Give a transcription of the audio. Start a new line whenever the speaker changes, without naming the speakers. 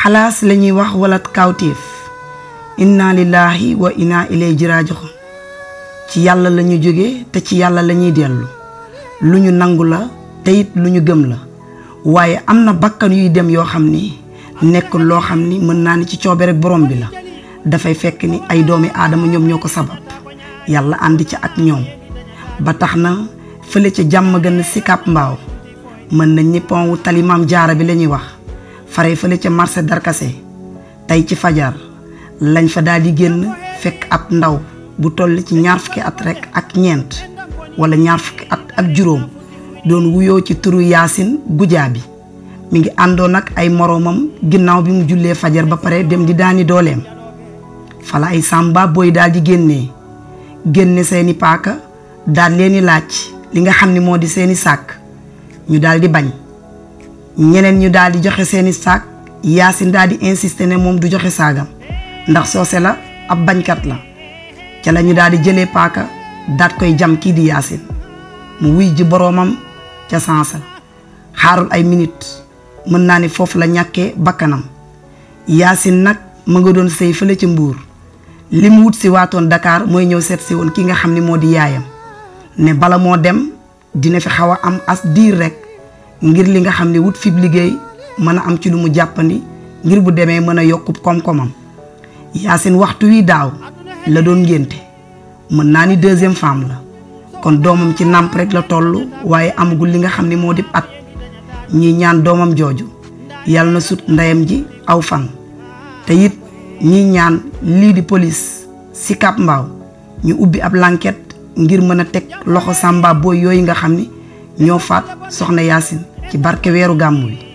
xalaas lañuy wax wala kawtéef inna lillahi wa inna ilayhi raaji'uun ci yàlla la ñu jóge te ci yàlla la ñuy dellu lu ñu nangu la te it lu ñu gëm la waaye am na bakkan yuy dem yoo xam ni nekk loo xam ni mën naa ni ci coobere borom bi la dafay fekk ni ay doomi aadama ñoom ñoo ko sabab yàlla ànd ci ak ñoom ba tax na fële ca jàmm gën a sikap mbaaw mën na ni pont wu tali jaara bi la ñuy wax fare fële ca marché darkase tey ci fajar lañ fa daal di génn fekk ab ndaw bu toll ci ñaar fukki at rekk ak ñeent wala ñaar fukki at ak juróom doon wuyoo ci turu yaasin gujaa bi mu ngi àndoon nag ay moroomam ginnaaw bi mu jullee fajar ba pare dem di daani dooleem fala ay sàmba booy daal di génnee génne seeni paaka daal leeni laaj li nga xam ni moo di seeni sàkk ñu daal di bañ ñeneen ñu daal di joxe seeni saag Yacine daal di insister ne moom du joxe saagam ndax soose la ab bañkat la ca la ñu daal di jëlee paaka daat koy jam kii di Yacine mu wuy ji boroomam ca sansa xaarul ay minit mën naa ni foofu la ñàkkee bakkanam Yacine nag mu nga doon sëy fële ci mbuur li mu wut si waatoon Dakar mooy ñëw seet woon ki nga xam ni moo di yaayam ne bala moo dem dina fi xaw a am as diir rek ngir li nga xam ne wut fib liggéey mën a am ci lu mu jàppandi ngir bu demee mën a yokk koom-koomam Yacine waxtu wi daaw la doon ngénte mën naa ni deuxième femme la kon doomam ci nàmp rek la toll waaye amagul li nga xam ni moo di at ñi ñaan doomam jooju yàlla na sut ndeyam ji aw fan te it ñi ñaan lii di polis si Cap Mbao ñu ubbi ab l'enquête ngir mën a teg loxo Samba booy yooyu nga xam ni ñoo faat soxna Yacine ki barke weeru gàmmu wi